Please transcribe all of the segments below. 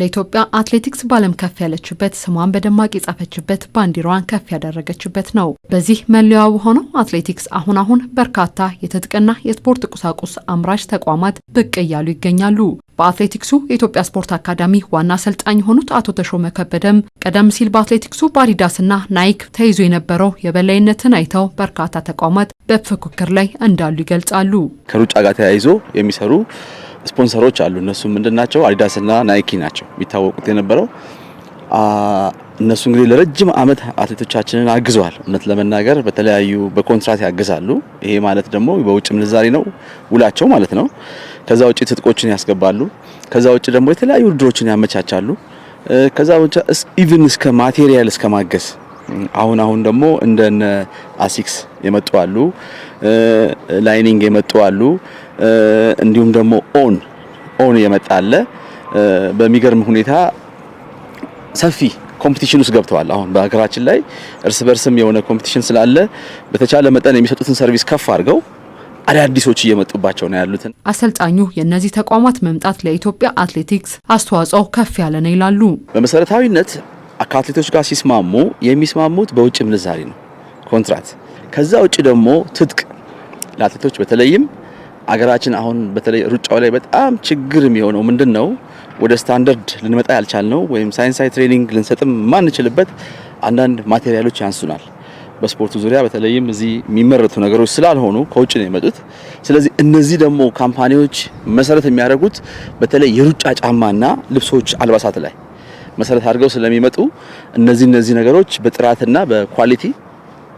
ለኢትዮጵያ አትሌቲክስ በዓለም ከፍ ያለችበት ስሟን በደማቅ የጻፈችበት ባንዲራዋን ከፍ ያደረገችበት ነው። በዚህ መለያ በሆነው አትሌቲክስ አሁን አሁን በርካታ የትጥቅና የስፖርት ቁሳቁስ አምራች ተቋማት ብቅ እያሉ ይገኛሉ። በአትሌቲክሱ የኢትዮጵያ ስፖርት አካዳሚ ዋና አሰልጣኝ የሆኑት አቶ ተሾመ ከበደም ቀደም ሲል በአትሌቲክሱ በአዲዳስና ናይክ ተይዞ የነበረው የበላይነትን አይተው በርካታ ተቋማት በፉክክር ላይ እንዳሉ ይገልጻሉ። ከሩጫ ጋር ተያይዞ የሚሰሩ ስፖንሰሮች አሉ። እነሱ ምንድን ናቸው? አዲዳስና ናይኪ ናቸው የሚታወቁት የነበረው። እነሱ እንግዲህ ለረጅም ዓመት አትሌቶቻችንን አግዘዋል። እውነት ለመናገር በተለያዩ በኮንትራት ያግዛሉ። ይሄ ማለት ደግሞ በውጭ ምንዛሪ ነው ውላቸው ማለት ነው። ከዛ ውጭ ትጥቆችን ያስገባሉ። ከዛ ውጭ ደግሞ የተለያዩ ውድድሮችን ያመቻቻሉ። ከዛ ውጭ ኢቭን እስከ ማቴሪያል እስከ ማገዝ አሁን አሁን ደግሞ እንደነ አሲክስ የመጡ አሉ፣ ላይኒንግ የመጡ አሉ። እንዲሁም ደግሞ ኦን ኦን የመጣለ በሚገርም ሁኔታ ሰፊ ኮምፒቲሽን ውስጥ ገብተዋል። አሁን በሀገራችን ላይ እርስ በርስም የሆነ ኮምፒቲሽን ስላለ በተቻለ መጠን የሚሰጡትን ሰርቪስ ከፍ አድርገው አዳዲሶች እየመጡባቸው ነው ያሉትን አሰልጣኙ የእነዚህ ተቋማት መምጣት ለኢትዮጵያ አትሌቲክስ አስተዋጽኦ ከፍ ያለ ነው ይላሉ። በመሰረታዊነት ከአትሌቶች ጋር ሲስማሙ የሚስማሙት በውጭ ምንዛሪ ነው ኮንትራት። ከዛ ውጭ ደግሞ ትጥቅ ለአትሌቶች በተለይም አገራችን አሁን በተለይ ሩጫው ላይ በጣም ችግር የሚሆነው ምንድን ነው? ወደ ስታንዳርድ ልንመጣ ያልቻልነው ወይም ሳይንሳዊ ትሬኒንግ ልንሰጥም ማንችልበት አንዳንድ ማቴሪያሎች ያንሱናል። በስፖርቱ ዙሪያ በተለይም እዚህ የሚመረቱ ነገሮች ስላልሆኑ ከውጭ ነው የመጡት። ስለዚህ እነዚህ ደግሞ ካምፓኒዎች መሰረት የሚያደርጉት በተለይ የሩጫ ጫማና ልብሶች፣ አልባሳት ላይ መሰረት አድርገው ስለሚመጡ እነዚህ እነዚህ ነገሮች በጥራትና በኳሊቲ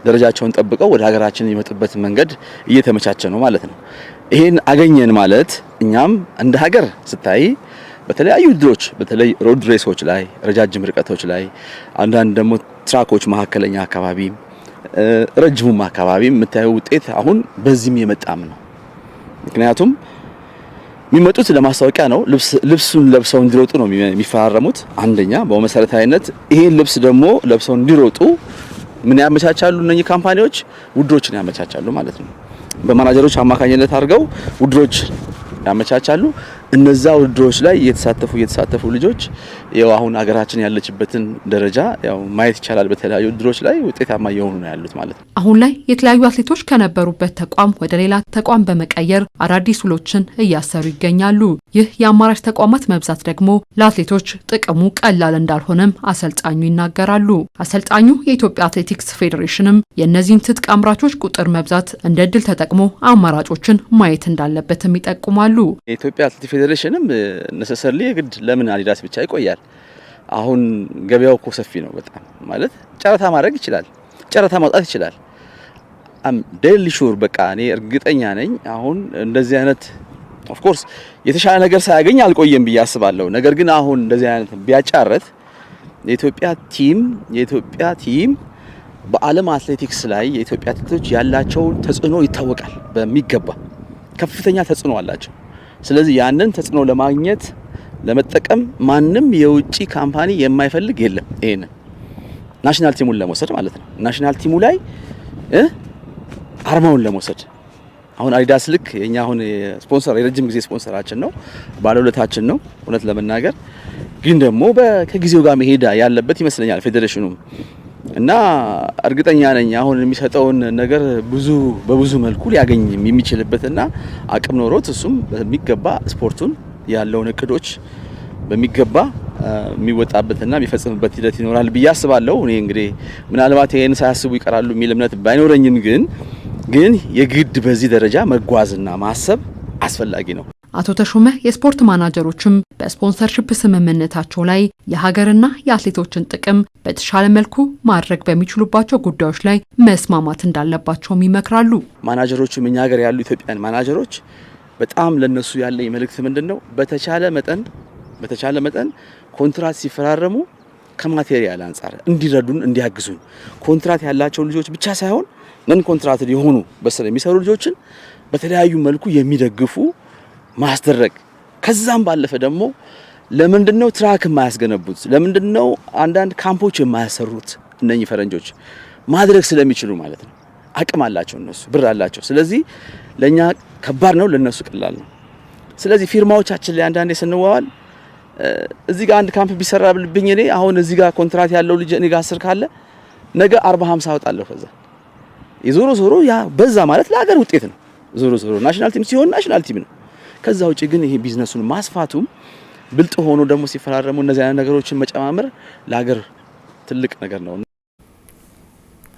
ደረጃቸውን ጠብቀው ወደ ሀገራችን የሚመጡበት መንገድ እየተመቻቸ ነው ማለት ነው። ይሄን አገኘን ማለት እኛም እንደ ሀገር ስታይ በተለያዩ ድሮች በተለይ ሮድ ሬሶች ላይ ረጃጅም ርቀቶች ላይ አንዳንድ ደግሞ ትራኮች መካከለኛ አካባቢ ረጅሙም አካባቢ የምታየው ውጤት አሁን በዚህም የመጣም ነው። ምክንያቱም የሚመጡት ለማስታወቂያ ነው። ልብሱን ለብሰው እንዲሮጡ ነው የሚፈራረሙት። አንደኛ በመሰረታዊነት ይሄን ልብስ ደግሞ ለብሰው እንዲሮጡ ምን ያመቻቻሉ? እነኚህ ካምፓኒዎች ውዶችን ያመቻቻሉ ማለት ነው። በማናጀሮች አማካኝነት አድርገው ውድሮች ያመቻቻሉ። እነዛ ውድድሮች ላይ እየተሳተፉ እየተሳተፉ ልጆች ያው አሁን ሀገራችን ያለችበትን ደረጃ ያው ማየት ይቻላል። በተለያዩ ውድድሮች ላይ ውጤታማ እየሆኑ ነው ያሉት ማለት ነው። አሁን ላይ የተለያዩ አትሌቶች ከነበሩበት ተቋም ወደ ሌላ ተቋም በመቀየር አዳዲስ ውሎችን እያሰሩ ይገኛሉ። ይህ የአማራጭ ተቋማት መብዛት ደግሞ ለአትሌቶች ጥቅሙ ቀላል እንዳልሆነም አሰልጣኙ ይናገራሉ። አሰልጣኙ የኢትዮጵያ አትሌቲክስ ፌዴሬሽንም የእነዚህን ትጥቅ አምራቾች ቁጥር መብዛት እንደ እድል ተጠቅሞ አማራጮችን ማየት እንዳለበትም ይጠቁማሉ። የኢትዮጵያ አትሌቲክስ ፌዴሬሽንም ነሰሰርሊ የግድ ለምን አዲዳስ ብቻ ይቆያል? አሁን ገበያው እኮ ሰፊ ነው። በጣም ማለት ጨረታ ማድረግ ይችላል፣ ጨረታ ማውጣት ይችላል። ደልሹር በቃ እኔ እርግጠኛ ነኝ አሁን እንደዚህ አይነት ኦፍኮርስ የተሻለ ነገር ሳያገኝ አልቆየም ብዬ አስባለሁ። ነገር ግን አሁን እንደዚህ አይነት ቢያጫረት የኢትዮጵያ ቲም የኢትዮጵያ ቲም በዓለም አትሌቲክስ ላይ የኢትዮጵያ አትሌቶች ያላቸው ተጽዕኖ ይታወቃል በሚገባ ከፍተኛ ተጽዕኖ አላቸው። ስለዚህ ያንን ተጽዕኖ ለማግኘት ለመጠቀም ማንም የውጭ ካምፓኒ የማይፈልግ የለም። ይሄን ናሽናል ቲሙን ለመውሰድ ማለት ነው ናሽናል ቲሙ ላይ አርማውን ለመውሰድ አሁን አዲዳስ ልክ የኛ አሁን ስፖንሰር የረጅም ጊዜ ስፖንሰራችን ነው፣ ባለውለታችን ነው። እውነት ለመናገር ግን ደግሞ ከጊዜው ጋር መሄድ ያለበት ይመስለኛል ፌዴሬሽኑ እና እርግጠኛ ነኝ አሁን የሚሰጠውን ነገር ብዙ በብዙ መልኩ ሊያገኝ የሚችልበትና አቅም ኖሮት እሱም በሚገባ ስፖርቱን ያለውን እቅዶች በሚገባ የሚወጣበትና የሚፈጽምበት ሂደት ይኖራል ብዬ አስባለሁ። እኔ እንግዲህ ምናልባት ይህን ሳያስቡ ይቀራሉ የሚል እምነት ባይኖረኝም ግን ግን የግድ በዚህ ደረጃ መጓዝና ማሰብ አስፈላጊ ነው። አቶ ተሾመ የስፖርት ማናጀሮችም በስፖንሰርሽፕ ስምምነታቸው ላይ የሀገርና የአትሌቶችን ጥቅም በተሻለ መልኩ ማድረግ በሚችሉባቸው ጉዳዮች ላይ መስማማት እንዳለባቸውም ይመክራሉ። ማናጀሮቹም እኛ ሀገር ያሉ ኢትዮጵያን ማናጀሮች በጣም ለነሱ ያለኝ መልእክት ምንድን ነው? በተቻለ መጠን በተቻለ መጠን ኮንትራት ሲፈራረሙ ከማቴሪያል አንጻር እንዲረዱን እንዲያግዙን ኮንትራት ያላቸው ልጆች ብቻ ሳይሆን ነን ኮንትራክትድ የሆኑ በስራ የሚሰሩ ልጆችን በተለያዩ መልኩ የሚደግፉ ማስደረግ ከዛም ባለፈ ደግሞ ለምንድን ነው ትራክ የማያስገነቡት? ለምንድን ነው አንዳንድ ካምፖች የማያሰሩት? እነኚህ ፈረንጆች ማድረግ ስለሚችሉ ማለት ነው። አቅም አላቸው እነሱ፣ ብር አላቸው። ስለዚህ ለእኛ ከባድ ነው፣ ለነሱ ቀላል ነው። ስለዚህ ፊርማዎቻችን ላይ አንዳንዴ ስንዋዋል እዚህ ጋር አንድ ካምፕ ቢሰራብልብኝ እኔ አሁን እዚህ ጋር ኮንትራት ያለው ልጅ እኔ ጋር አስር ካለ ነገ አርባ ሀምሳ አወጣለሁ ከዛ የዞሮ ዞሮ ያ በዛ ማለት ለሀገር ውጤት ነው። ዞሮ ዞሮ ናሽናል ቲም ሲሆን ናሽናል ቲም ነው። ከዛ ውጭ ግን ይሄ ቢዝነሱን ማስፋቱም ብልጥ ሆኖ ደግሞ ሲፈራረሙ እነዚህ አይነት ነገሮችን መጨማመር ለሀገር ትልቅ ነገር ነው።